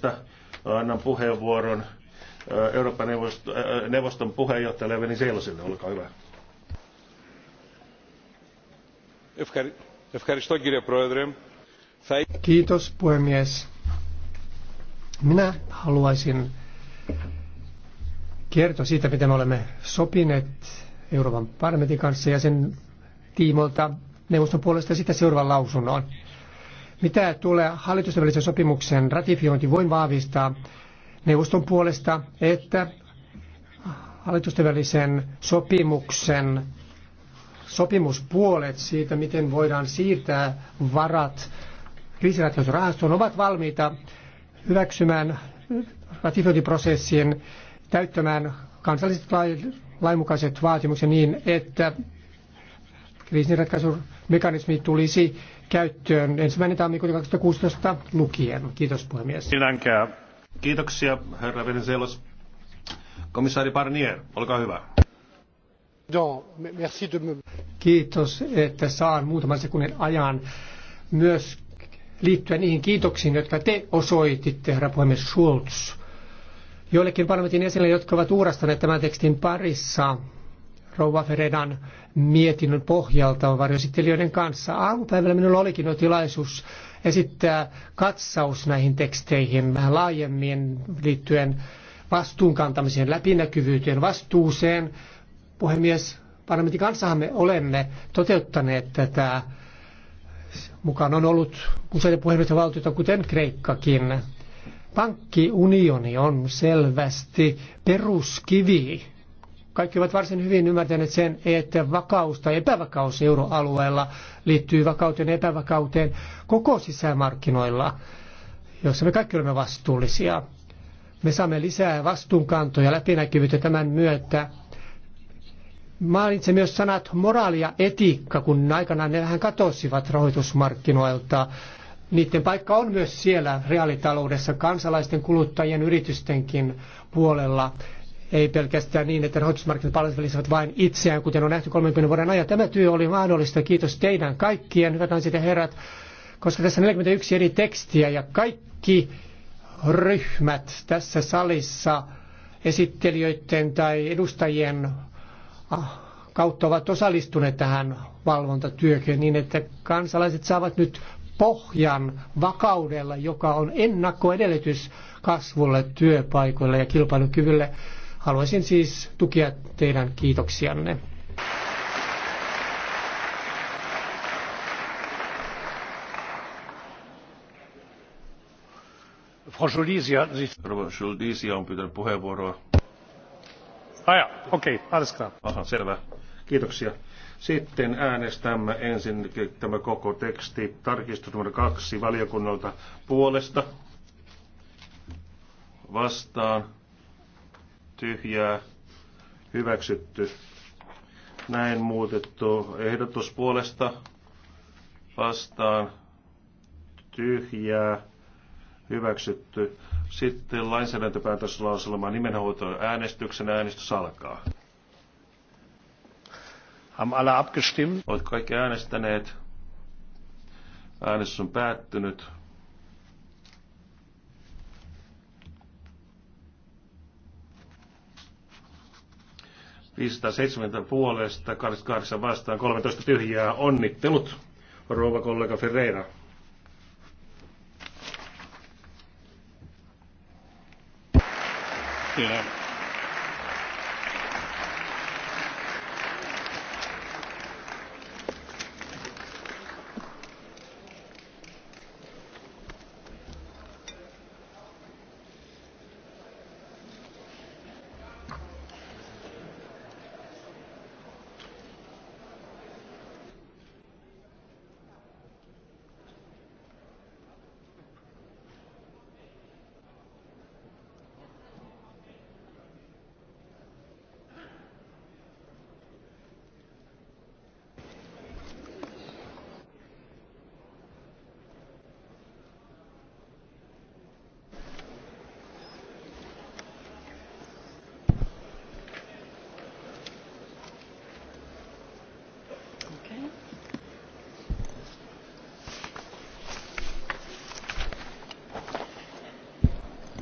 Neuvostosta. Annan puheenvuoron äh, Euroopan äh, neuvoston puheenjohtajalle Veni Seilosille. Olkaa hyvä. Kiitos puhemies. Minä haluaisin kertoa siitä, mitä me olemme sopineet Euroopan parlamentin kanssa ja sen tiimolta neuvoston puolesta sitä seuraavan lausunnon. Mitä tulee hallitusten välisen sopimuksen ratifiointi, voin vahvistaa neuvoston puolesta, että hallitusten välisen sopimuksen sopimuspuolet siitä, miten voidaan siirtää varat kriisiratkaisurahastoon, ovat valmiita hyväksymään ratifiointiprosessien täyttämään kansalliset lainmukaiset vaatimukset niin, että kriisinratkaisumekanismi tulisi käyttöön ensimmäinen tammikuuta 2016 lukien. Kiitos puhemies. Sinänkää. Kiitoksia herra Venizelos. Komissaari Barnier, olkaa hyvä. Kiitos, että saan muutaman sekunnin ajan myös liittyä niihin kiitoksiin, jotka te osoititte, herra puhemies Schulz. Joillekin parlamentin esille, jotka ovat uurastaneet tämän tekstin parissa, Rouva Ferenan mietinnön pohjalta varjoesittelijöiden kanssa. Aamupäivällä minulla olikin jo tilaisuus esittää katsaus näihin teksteihin vähän laajemmin liittyen vastuunkantamiseen, läpinäkyvyyteen, vastuuseen. Puhemies, parlamentin kanssahan me olemme toteuttaneet tätä. Mukaan on ollut useita puhemiesten valtioita, kuten Kreikkakin. Pankkiunioni on selvästi peruskivi kaikki ovat varsin hyvin ymmärtäneet sen, että vakaus tai epävakaus euroalueella liittyy vakauteen ja epävakauteen koko sisämarkkinoilla, jossa me kaikki olemme vastuullisia. Me saamme lisää vastuunkantoja läpinäkyvyyttä tämän myötä. Mainitsen myös sanat moraali ja etiikka, kun aikanaan ne vähän katosivat rahoitusmarkkinoilta. Niiden paikka on myös siellä reaalitaloudessa, kansalaisten, kuluttajien, yritystenkin puolella ei pelkästään niin, että rahoitusmarkkinat palvelisivat vain itseään, kuten on nähty 30 vuoden ajan. Tämä työ oli mahdollista, kiitos teidän kaikkien, hyvät naiset ja herrat, koska tässä on 41 eri tekstiä ja kaikki ryhmät tässä salissa esittelijöiden tai edustajien ah, kautta ovat osallistuneet tähän valvontatyöhön niin, että kansalaiset saavat nyt pohjan vakaudella, joka on ennakkoedellytys kasvulle, työpaikoille ja kilpailukyvylle. Haluaisin siis tukea teidän kiitoksianne. Frau Schulisia, on pyytänyt puheenvuoroa. Aja, ah okei, okay, alles klar. Aha, selvä. Kiitoksia. Sitten äänestämme ensin tämä koko teksti tarkistus numero kaksi valiokunnalta puolesta vastaan tyhjää hyväksytty. Näin muutettu ehdotus puolesta vastaan tyhjää hyväksytty. Sitten lainsäädäntöpäätöslauselma nimenhoito äänestyksen äänestys alkaa. Haben alle abgestimmt? Olet kaikki äänestäneet. Äänestys on päättynyt. 570 puolesta, 28 vastaan, 13 tyhjää. Onnittelut, rouva kollega Ferreira. Yeah.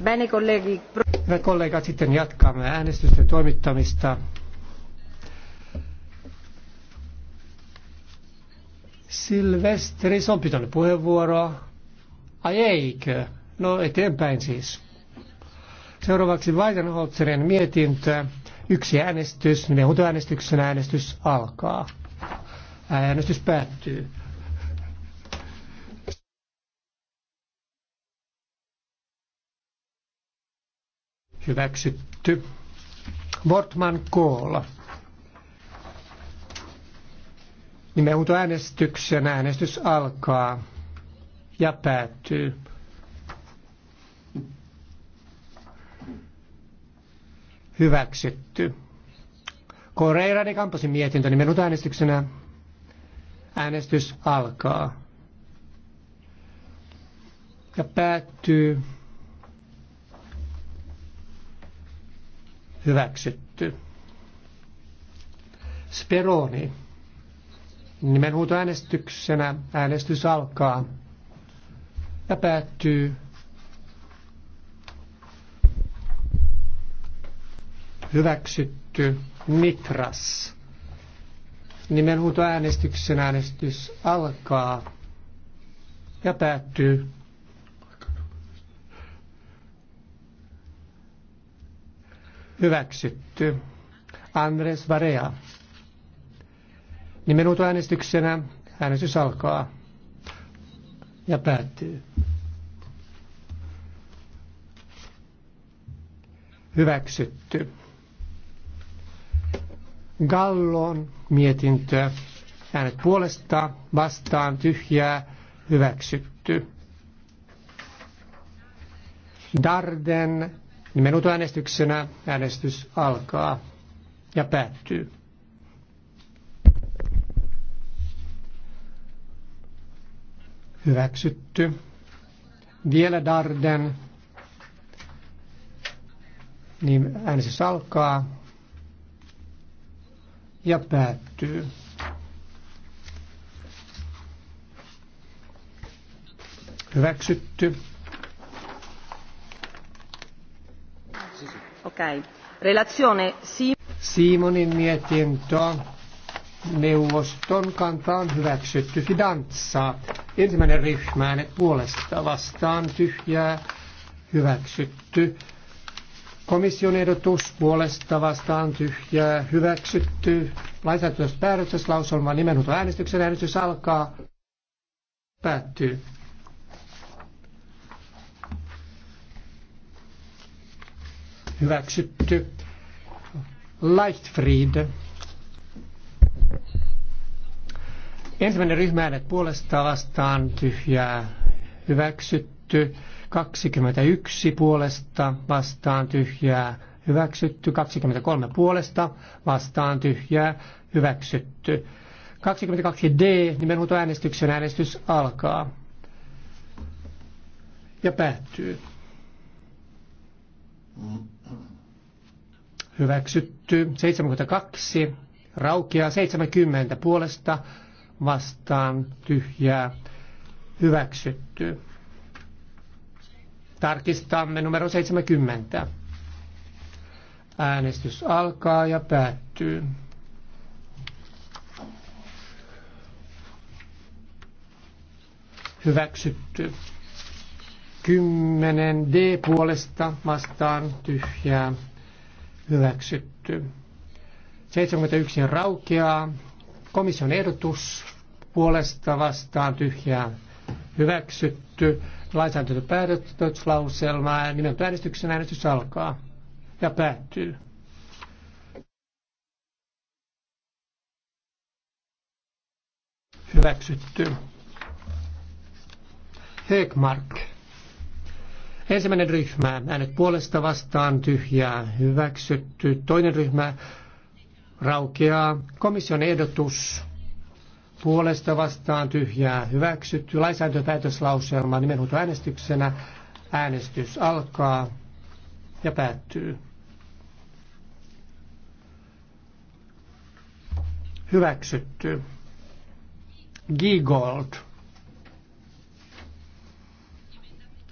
Hyvät kollegat, sitten jatkamme äänestysten toimittamista. Silvestris on pitänyt puheenvuoroa. Ai eikö? No eteenpäin siis. Seuraavaksi Weidenholzerin mietintö. Yksi äänestys, neuvontoäänestyksen äänestys alkaa. Äänestys päättyy. Hyväksytty. Wortman Koola. Nimenhuuto äänestyksen äänestys alkaa ja päättyy. Hyväksytty. Koreira de Camposin mietintö nimenut äänestyksenä. Äänestys alkaa ja päättyy. hyväksytty. Speroni. Nimenhuutoäänestyksenä äänestys alkaa ja päättyy hyväksytty Mitras. Nimenhuutoäänestyksen äänestys alkaa ja päättyy Hyväksytty. Andres Varea. Niin äänestyksenä. äänestys alkaa ja päättyy. Hyväksytty. Gallon mietintö. Äänet puolesta, vastaan, tyhjää, hyväksytty. Darden äänestyksenä äänestys alkaa ja päättyy. Hyväksytty. Vielä Darden. Niin äänestys alkaa ja päättyy. Hyväksytty. Relazione Simonin mietintö neuvoston on hyväksytty Fidanza. Ensimmäinen ryhmä äänet puolesta vastaan tyhjää hyväksytty. Komission ehdotus puolesta vastaan tyhjää hyväksytty. Lainsäädäntöspäätöslauselma nimenhuuto äänestyksen äänestys alkaa. Päättyy. hyväksytty. Leichtfried. Ensimmäinen ryhmä äänet puolesta vastaan tyhjää hyväksytty. 21 puolesta vastaan tyhjää hyväksytty. 23 puolesta vastaan tyhjää hyväksytty. 22D nimenhuutoäänestyksen äänestys alkaa ja päättyy. Mm hyväksytty. 72 raukia 70 puolesta vastaan tyhjää hyväksytty. Tarkistamme numero 70. Äänestys alkaa ja päättyy. Hyväksytty. 10 D puolesta vastaan tyhjää hyväksytty. 71 raukeaa. Komission ehdotus puolesta vastaan tyhjää hyväksytty. Lainsäädäntöpäätöslauselma nimen äänestyksen äänestys alkaa ja päättyy. Hyväksytty. Högmark. Ensimmäinen ryhmä, äänet puolesta vastaan tyhjää hyväksytty. Toinen ryhmä raukeaa. Komission ehdotus puolesta vastaan tyhjää hyväksytty. Lainsäädäntöpäätöslauselma äänestyksenä. Äänestys alkaa ja päättyy. Hyväksytty. Giegold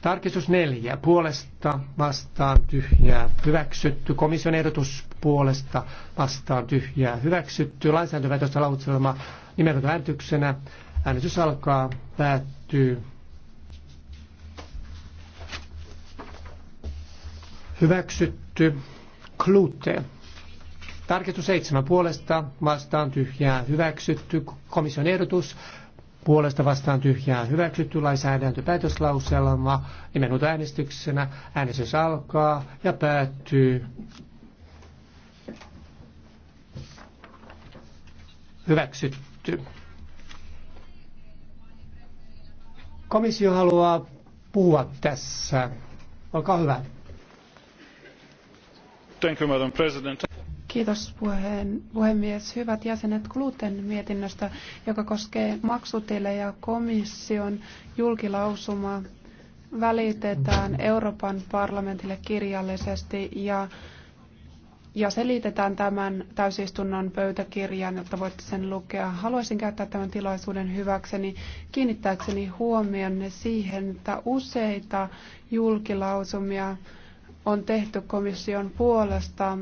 Tarkistus neljä. Puolesta vastaan tyhjää hyväksytty. Komission ehdotus puolesta vastaan tyhjää hyväksytty. Lainsäädäntövätöstä lauselma nimetöntä äänestyksenä. Äänestys alkaa, päättyy. Hyväksytty. Klute. Tarkistus seitsemän puolesta vastaan tyhjää hyväksytty. Komission ehdotus puolesta vastaan tyhjää hyväksytty lainsäädäntö päätöslauselma nimenhuuto äänestyksenä. Äänestys alkaa ja päättyy. Hyväksytty. Komissio haluaa puhua tässä. Olkaa hyvä. Thank you, Madam President. Kiitos puheen, puhemies. Hyvät jäsenet Gluten mietinnöstä, joka koskee maksutilejä komission julkilausuma välitetään Euroopan parlamentille kirjallisesti ja, ja selitetään tämän täysistunnon pöytäkirjan, jotta voitte sen lukea. Haluaisin käyttää tämän tilaisuuden hyväkseni kiinnittääkseni huomionne siihen, että useita julkilausumia on tehty komission puolesta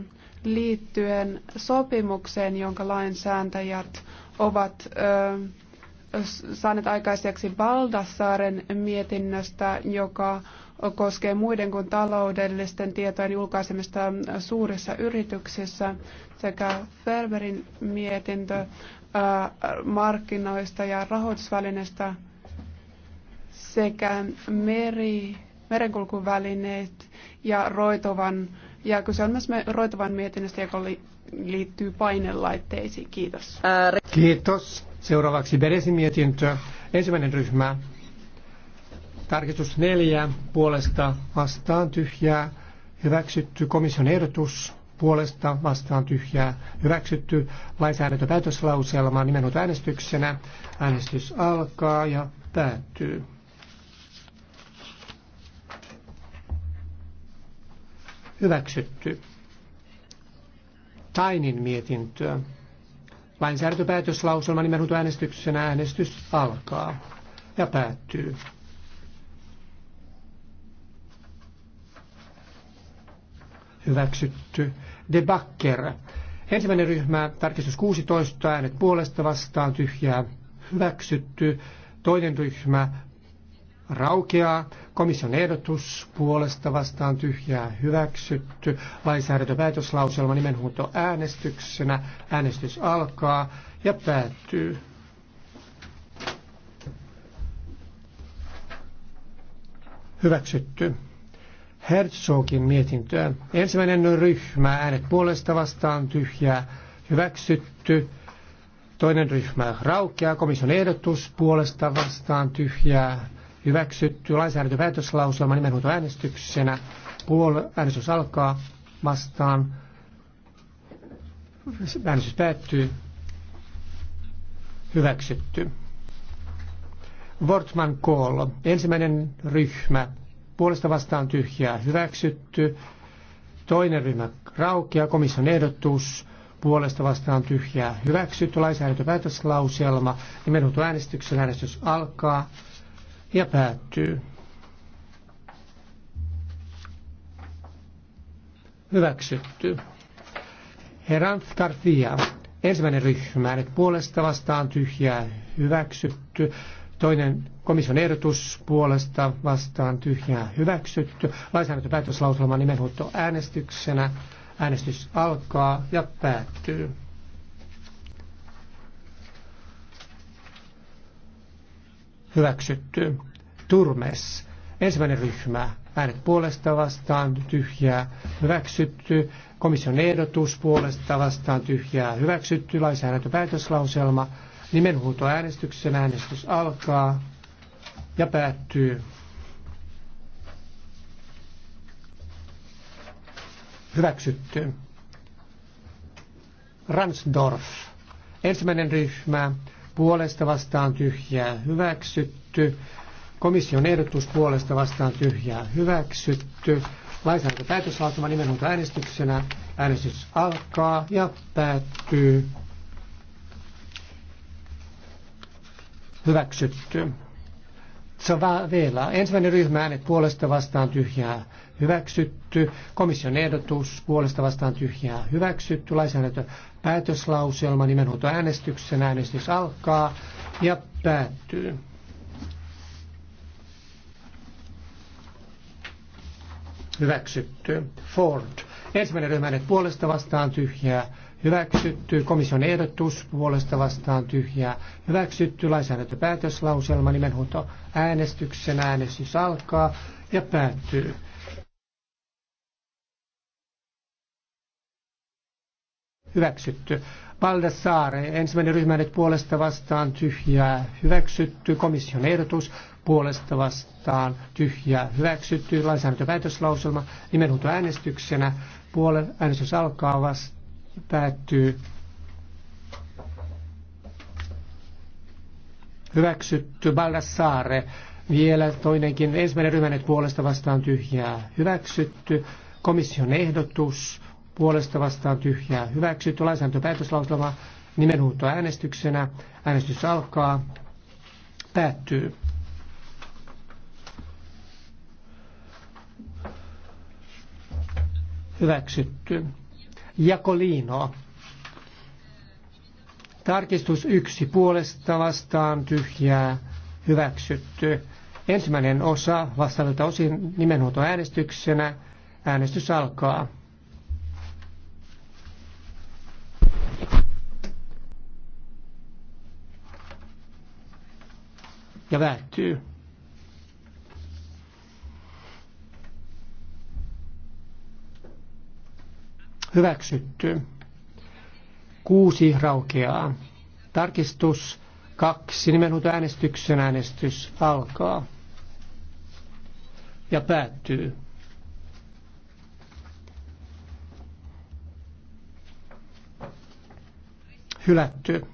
liittyen sopimukseen, jonka lainsääntäjät ovat ö, saaneet aikaiseksi Baldassaren mietinnöstä, joka koskee muiden kuin taloudellisten tietojen julkaisemista suurissa yrityksissä sekä Ferberin mietintö ö, markkinoista ja rahoitusvälineistä sekä meri, merenkulkuvälineet ja roitovan ja kyse on myös Roitavan mietinnöstä, joka liittyy painelaitteisiin. Kiitos. Kiitos. Seuraavaksi Beresin mietintö. Ensimmäinen ryhmä. Tarkistus neljä puolesta vastaan tyhjää. Hyväksytty komission ehdotus puolesta vastaan tyhjää. Hyväksytty lainsäädäntöpäätöslauselma nimenut äänestyksenä. Äänestys alkaa ja päättyy. hyväksytty. Tainin mietintö. Lainsäädäntöpäätöslauselma nimenhuuto äänestyksen äänestys alkaa ja päättyy. Hyväksytty. Debakker. Ensimmäinen ryhmä, tarkistus 16, äänet puolesta vastaan, tyhjää, hyväksytty. Toinen ryhmä, raukeaa. Komission ehdotus puolesta vastaan tyhjää hyväksytty. Lainsäädäntöpäätöslauselma nimenhuuto äänestyksenä. Äänestys alkaa ja päättyy. Hyväksytty. Herzogin mietintöä. Ensimmäinen ryhmä, äänet puolesta vastaan tyhjää, hyväksytty. Toinen ryhmä raukeaa, komission ehdotus puolesta vastaan tyhjää, hyväksytty lainsäädäntöpäätöslauselma nimenhuutoäänestyksenä. Puol- äänestys alkaa vastaan. Äänestys päättyy. Hyväksytty. Wortman Kool, ensimmäinen ryhmä, puolesta vastaan tyhjää, hyväksytty. Toinen ryhmä, raukea, komission ehdotus, puolesta vastaan tyhjää, hyväksytty. Lainsäädäntöpäätöslauselma, nimenhuutoäänestyksen äänestys alkaa ja päättyy. Hyväksytty. Herran Tarfia. Ensimmäinen ryhmä, että puolesta vastaan tyhjää, hyväksytty. Toinen komission ehdotus puolesta vastaan tyhjää, hyväksytty. päätöslauselma nimenhuutto äänestyksenä. Äänestys alkaa ja päättyy. hyväksytty. Turmes, ensimmäinen ryhmä, äänet puolesta vastaan, tyhjää, hyväksytty. Komission ehdotus puolesta vastaan, tyhjää, hyväksytty. Lainsäädäntöpäätöslauselma, nimenhuuto äänestyksen äänestys alkaa ja päättyy. Hyväksytty. Ransdorf. Ensimmäinen ryhmä, puolesta vastaan tyhjää hyväksytty. Komission ehdotus puolesta vastaan tyhjää hyväksytty. Lainsäädäntöpäätöslausuma nimenomaan äänestyksenä. Äänestys alkaa ja päättyy. Hyväksytty. Se vielä Ensimmäinen ryhmä äänet puolesta vastaan tyhjää hyväksytty. Komission ehdotus puolesta vastaan tyhjää hyväksytty. Lainsäädäntö päätöslauselma nimenhuutoäänestyksen. Äänestys alkaa ja päättyy. Hyväksytty. Ford. Ensimmäinen ryhmä puolesta vastaan tyhjää. Hyväksytty. Komission ehdotus puolesta vastaan tyhjää. Hyväksytty. Lainsäädäntöpäätöslauselma nimenhuuto äänestyksen. Äänestys alkaa ja päättyy. hyväksytty. Baldassare, ensimmäinen ryhmä nyt puolesta vastaan tyhjää hyväksytty. Komission ehdotus puolesta vastaan tyhjää hyväksytty. Lainsäädäntöpäätöslauselma nimenhuuto äänestyksenä. Puole, äänestys alkaa vasta, päättyy. Hyväksytty Baldassare. Vielä toinenkin ensimmäinen ryhmä nyt puolesta vastaan tyhjää hyväksytty. Komission ehdotus puolesta vastaan tyhjää hyväksytty. Lainsäädäntöpäätöslauselma nimenhuuto äänestyksenä. Äänestys alkaa. Päättyy. Hyväksytty. Jakoliino. Tarkistus yksi puolesta vastaan tyhjää hyväksytty. Ensimmäinen osa vastaavilta osin äänestyksenä. Äänestys alkaa. ja välttyy. Hyväksytty. Kuusi raukeaa. Tarkistus kaksi. Nimenhuuto äänestyksen äänestys alkaa ja päättyy. Hylätty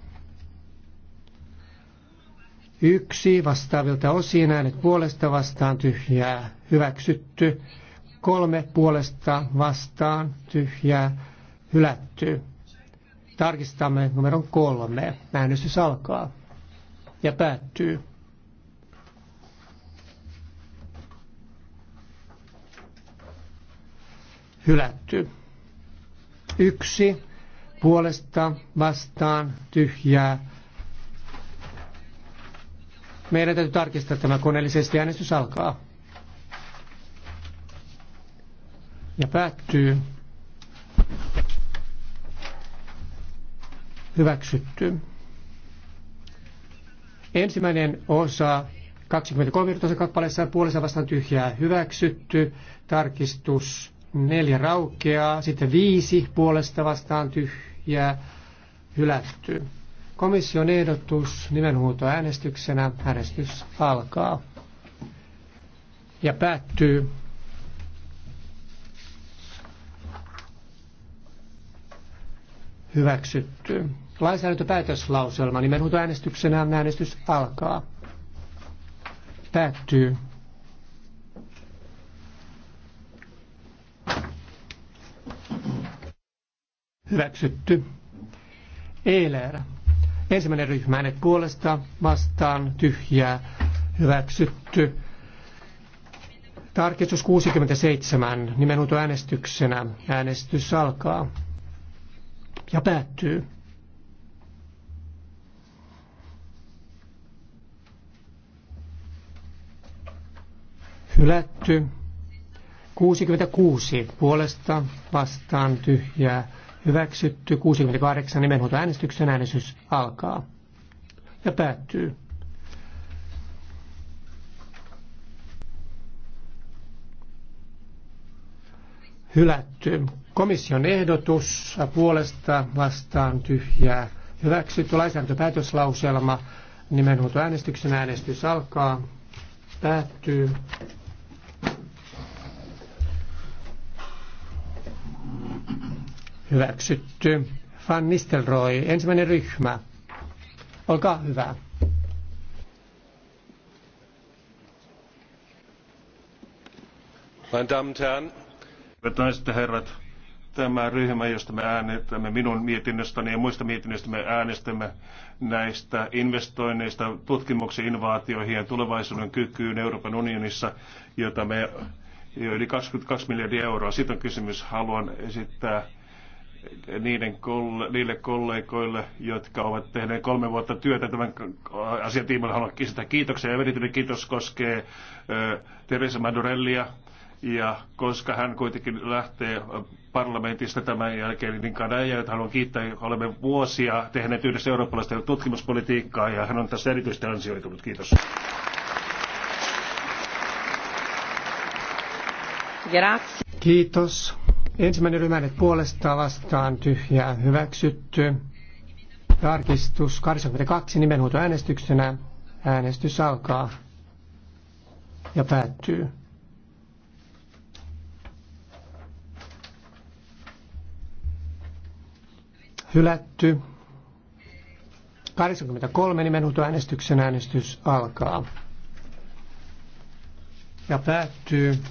Yksi vastaavilta osin äänet puolesta vastaan tyhjää hyväksytty. Kolme puolesta vastaan tyhjää hylätty. Tarkistamme numeron kolme. Äänestys alkaa ja päättyy. Hylätty. Yksi puolesta vastaan tyhjää meidän täytyy tarkistaa tämä koneellisesti. Äänestys alkaa. Ja päättyy. Hyväksytty. Ensimmäinen osa 23 kappaleessa puolessa vastaan tyhjää hyväksytty. Tarkistus neljä raukeaa. Sitten viisi puolesta vastaan tyhjää hylätty. Komission ehdotus nimenhuutoäänestyksenä. Äänestys alkaa ja päättyy. Hyväksytty. Lainsäädäntöpäätöslauselma nimenhuutoäänestyksenä. Äänestys alkaa. Päättyy. Hyväksytty. Eiler. Ensimmäinen ryhmä äänet puolesta vastaan tyhjää hyväksytty. Tarkistus 67 nimenhuuto äänestyksenä. Äänestys alkaa ja päättyy. Hylätty. 66 puolesta vastaan tyhjää Hyväksytty 68 nimenhuutoäänestyksen äänestys alkaa ja päättyy. Hylätty. Komission ehdotus puolesta vastaan tyhjää. Hyväksytty lainsäädäntöpäätöslauselma. Nimenhuutoäänestyksen äänestys alkaa, päättyy. Hyväksytty. Van Nistelrooy, ensimmäinen ryhmä. Olkaa hyvä. Meine Damen und Herren, hyvät naiset ja herrat, tämä ryhmä, josta me äänestämme minun mietinnöstäni ja muista mietinnöistä me äänestämme näistä investoinneista tutkimuksen innovaatioihin ja tulevaisuuden kykyyn Euroopan unionissa, jota me jo yli 22 miljardia euroa. Siitä on kysymys. Haluan esittää niiden, niille kollegoille, jotka ovat tehneet kolme vuotta työtä tämän asian tiimoilla. Haluan kiittää kiitoksia ja erityinen kiitos koskee Teresa Madurellia, ja koska hän kuitenkin lähtee parlamentista tämän jälkeen, niin Kanaja, jota haluan kiittää, olemme vuosia tehneet yhdessä eurooppalaista tutkimuspolitiikkaa ja hän on tässä erityisesti ansioitunut. Kiitos. Kiitos. Ensimmäinen rymänet puolesta vastaan tyhjää hyväksytty. Tarkistus 82 äänestyksenä. Äänestys alkaa ja päättyy. Hylätty. 83 äänestyksen äänestys alkaa ja päättyy.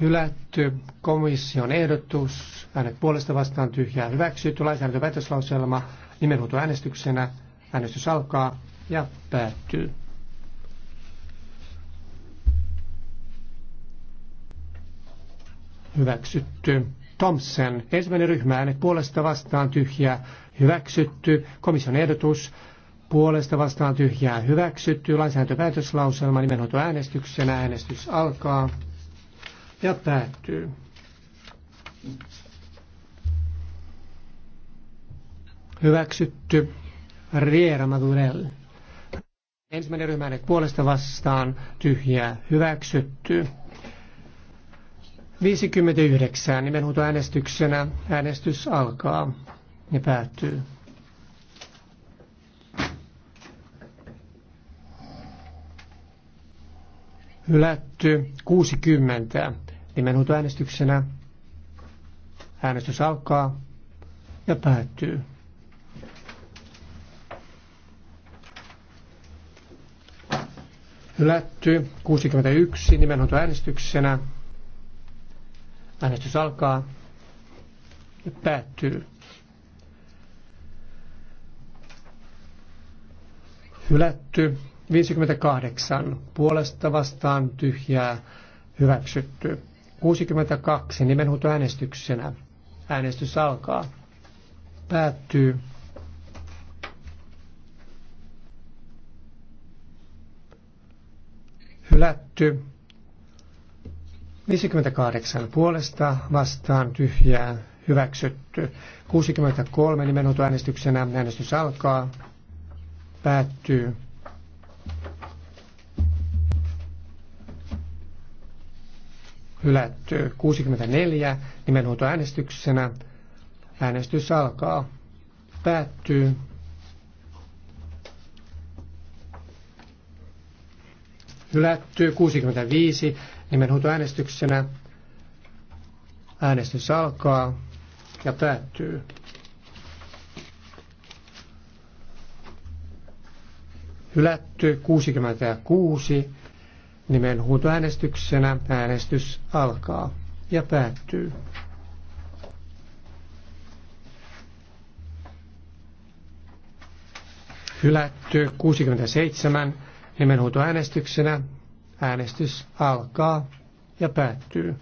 Hylätty komission ehdotus, äänet puolesta vastaan tyhjää hyväksytty, lainsäädäntöpäätöslauselma nimenhuuto äänestyksenä, äänestys alkaa ja päättyy. Hyväksytty. Thompson, ensimmäinen ryhmä, äänet puolesta vastaan tyhjää, hyväksytty. Komission ehdotus, puolesta vastaan tyhjää hyväksytty. Lainsäädäntöpäätöslauselma äänestyksenä. Äänestys alkaa ja päättyy. Hyväksytty. Riera Madurell. Ensimmäinen ryhmä äänet puolesta vastaan tyhjää hyväksytty. 59 äänestyksenä. äänestys alkaa ja päättyy. Hylätty 60 nimenhuutoäänestyksenä. Äänestys alkaa ja päättyy. Hylätty 61 nimenhuutoäänestyksenä. Äänestys alkaa ja päättyy. Hylätty 58 puolesta vastaan tyhjää hyväksytty. 62 äänestyksenä. Äänestys alkaa. Päättyy. Hylätty. 58 puolesta vastaan tyhjää hyväksytty. 63 äänestyksenä. Äänestys alkaa. Päättyy. hylätty 64 nimenhuutoäänestyksenä. Äänestys alkaa. Päättyy. Hylätty 65 nimenhuutoäänestyksenä. Äänestys alkaa ja päättyy. Hylätty 66 Nimen huutoäänestyksenä äänestys alkaa ja päättyy. Hylätty 67 nimenhuutoäänestyksenä äänestys alkaa ja päättyy.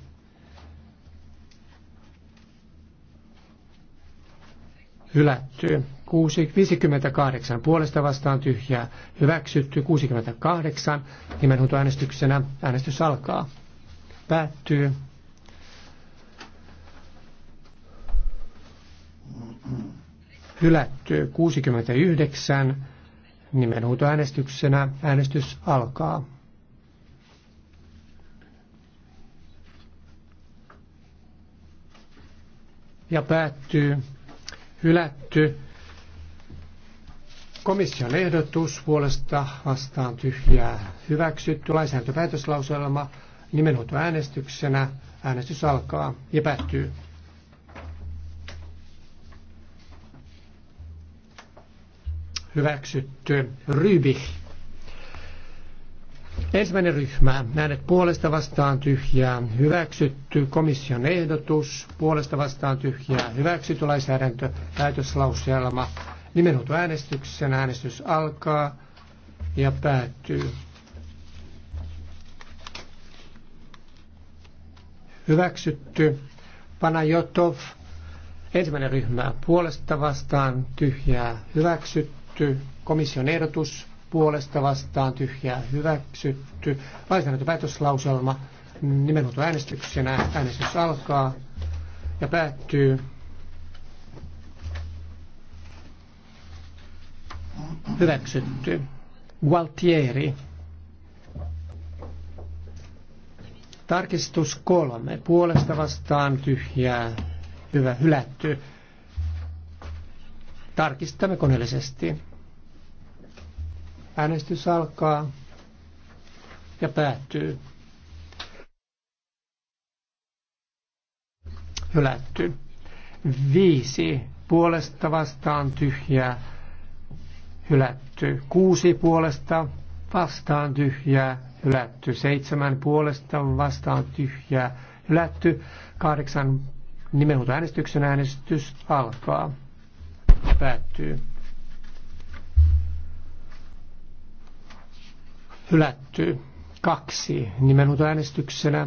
hylätty. 58 puolesta vastaan tyhjää hyväksytty. 68 nimenhuutoäänestyksenä äänestys alkaa. Päättyy. Hylätty 69 nimenhuutoäänestyksenä äänestys alkaa. Ja päättyy hylätty. Komission ehdotus puolesta vastaan tyhjää hyväksytty. Lainsäädäntöpäätöslauselma äänestyksenä. Äänestys alkaa ja päättyy. Hyväksytty. Rybih Ensimmäinen ryhmä, äänet puolesta vastaan tyhjää, hyväksytty komission ehdotus, puolesta vastaan tyhjää, hyväksytty lainsäädäntö, päätöslauselma, nimenhuuto äänestyksen, äänestys alkaa ja päättyy. Hyväksytty. Panajotov, ensimmäinen ryhmä, puolesta vastaan tyhjää, hyväksytty, komission ehdotus, puolesta vastaan tyhjää hyväksytty. Lainsäädäntöpäätöslauselma nimenomaan äänestyksenä. Äänestys alkaa ja päättyy. Hyväksytty. Gualtieri. Tarkistus kolme. Puolesta vastaan tyhjää. Hyvä, hylätty. Tarkistamme koneellisesti. Äänestys alkaa ja päättyy. Hylätty. Viisi puolesta vastaan tyhjää. Hylätty. Kuusi puolesta vastaan tyhjää. Hylätty. Seitsemän puolesta vastaan tyhjää. Hylätty. Kahdeksan nimenhuutoäänestyksen äänestys alkaa päättyy. hylätty. Kaksi äänestyksenä.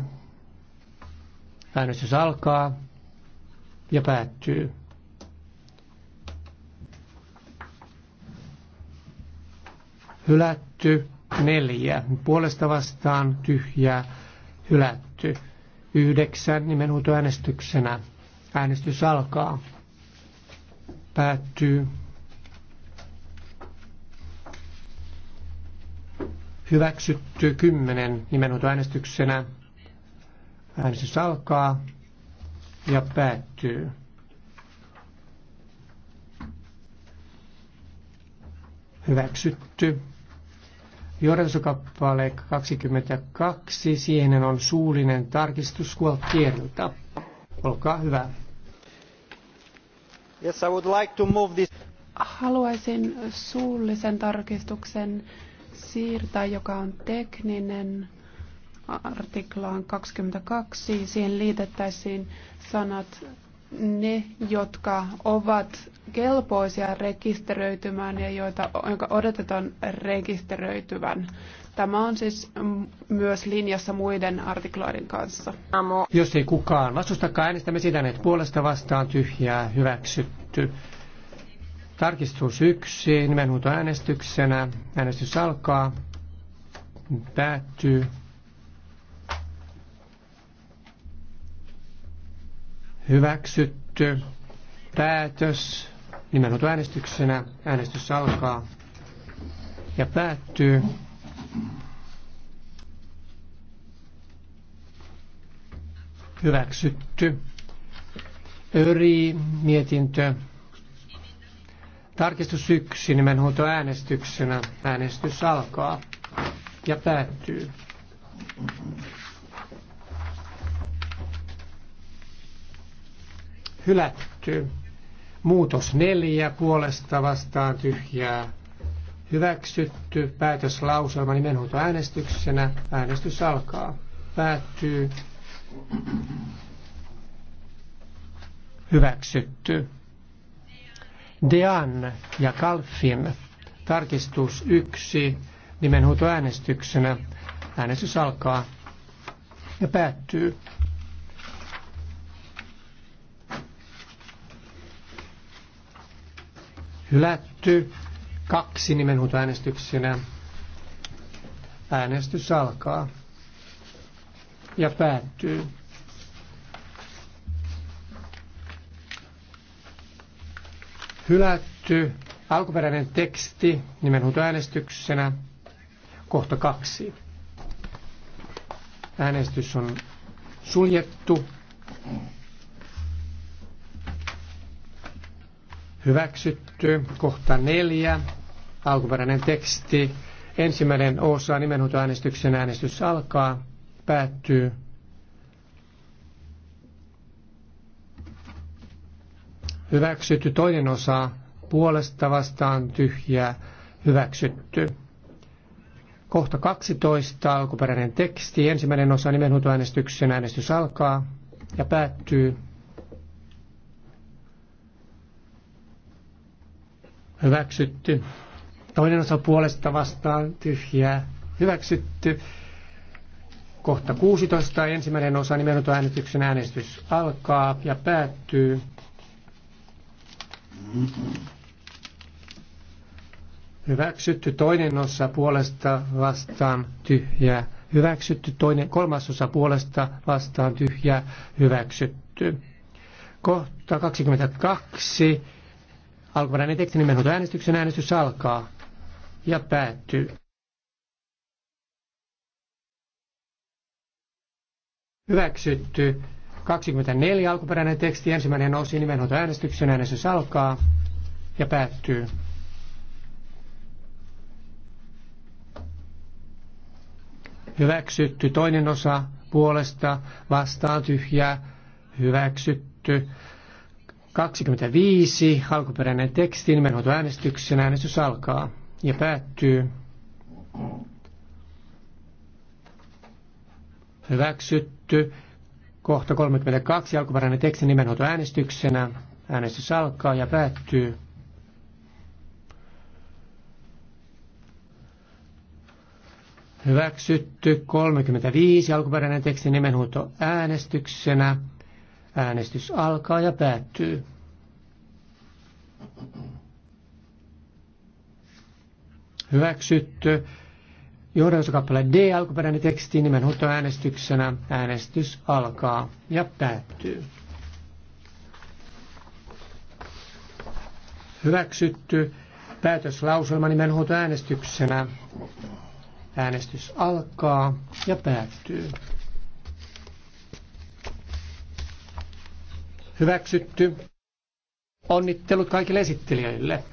Äänestys alkaa ja päättyy. Hylätty neljä. Puolesta vastaan tyhjää hylätty. Yhdeksän äänestyksenä. Äänestys alkaa. Päättyy. Hyväksytty kymmenen nimenhuutoäänestyksenä. Äänestys alkaa ja päättyy. Hyväksytty. Johdatuskappale 22, siihen on suullinen tarkistus Gualtierilta. Olkaa hyvä. Yes, I would like to move this. Haluaisin suullisen tarkistuksen siirtää, joka on tekninen artiklaan 22. Siihen liitettäisiin sanat ne, jotka ovat kelpoisia rekisteröitymään ja joita, jonka odotetaan rekisteröityvän. Tämä on siis myös linjassa muiden artikloiden kanssa. Jos ei kukaan vastustakaan, äänestämme sitä, että puolesta vastaan tyhjää hyväksytty. Tarkistus yksi, nimenhuuto äänestyksenä. Äänestys alkaa. Päättyy. Hyväksytty. Päätös. Nimenhuuto äänestyksenä. Äänestys alkaa. Ja päättyy. Hyväksytty. Öri mietintö Tarkistus yksi, nimenhuuto äänestyksenä. Äänestys alkaa ja päättyy. Hylätty. Muutos neljä puolesta vastaan tyhjää. Hyväksytty päätöslauselma nimenhuuto äänestyksenä. Äänestys alkaa. Päättyy. Hyväksytty. Dean ja Kalfin tarkistus yksi nimenhuutoäänestyksenä. Äänestys alkaa ja päättyy. Hylätty kaksi nimenhuutoäänestyksenä. Äänestys alkaa ja päättyy. Hylätty alkuperäinen teksti nimenhuutoäänestyksenä kohta kaksi. Äänestys on suljettu. Hyväksytty. Kohta neljä. Alkuperäinen teksti. Ensimmäinen osa nimenhuutoäänestyksen äänestys alkaa. Päättyy. hyväksytty, toinen osa puolesta vastaan tyhjää hyväksytty. Kohta 12, alkuperäinen teksti, ensimmäinen osa nimenhuutoäänestyksen äänestys alkaa ja päättyy. Hyväksytty. Toinen osa puolesta vastaan tyhjää. Hyväksytty. Kohta 16, ensimmäinen osa nimenhuutoäänestyksen äänestys alkaa ja päättyy. Hyväksytty toinen osa puolesta vastaan tyhjä. Hyväksytty toinen kolmas osa puolesta vastaan tyhjä. Hyväksytty. Kohta 22. Alkuperäinen teksti nimenhuuto äänestyksen äänestys alkaa ja päättyy. Hyväksytty. 24 alkuperäinen teksti, ensimmäinen osi nimenhoito äänestyksen, äänestys alkaa ja päättyy. Hyväksytty toinen osa puolesta vastaan tyhjää. Hyväksytty. 25 alkuperäinen teksti nimenhoito äänestyksen, äänestys alkaa ja päättyy. Hyväksytty. Kohta 32 alkuperäinen teksti nimenhoito äänestyksenä. Äänestys alkaa ja päättyy. Hyväksytty 35 alkuperäinen teksti nimenhuuto äänestyksenä. Äänestys alkaa ja päättyy. Hyväksytty Johdannuskappale D alkuperäinen teksti äänestyksenä. Äänestys alkaa ja päättyy. Hyväksytty päätöslauselma äänestyksenä. Äänestys alkaa ja päättyy. Hyväksytty. Onnittelut kaikille esittelijöille.